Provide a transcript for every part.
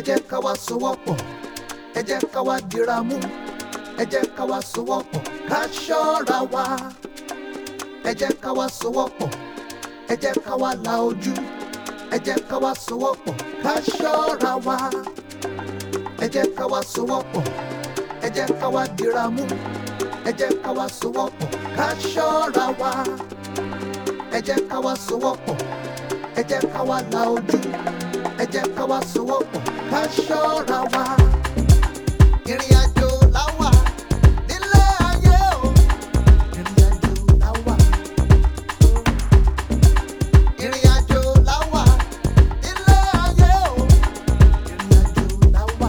ẹ jẹ́ ká wá sowọ́pọ̀ ẹ jẹ́ ká wá dira mú ẹ jẹ́ ká wá sowọ́pọ̀ ká ṣọ́ra wa ẹ jẹ́ ká wá sowọ́pọ̀ ẹ jẹ́ ká wá la ojú ẹ jẹ́ ká wá sowọ́pọ̀ ká ṣọ́ra wa ẹ jẹ́ ká wá sowọ́pọ̀ ẹ jẹ́ ká wá dira mú ẹ jẹ́ ká wá sowọ́pọ̀ ká ṣọ́ra wa ẹ jẹ́ ká wá sowọ́pọ̀ ẹ jẹ́ ká wá la ojú ẹ jẹ́ ká wá sowọ́pọ̀ ká ṣọ́ra wa. ìrìn àjò láwà nílé ayé o. ìrìn àjò láwà. ìrìn àjò láwà nílé o. ìrìn àjò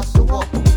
house to walk.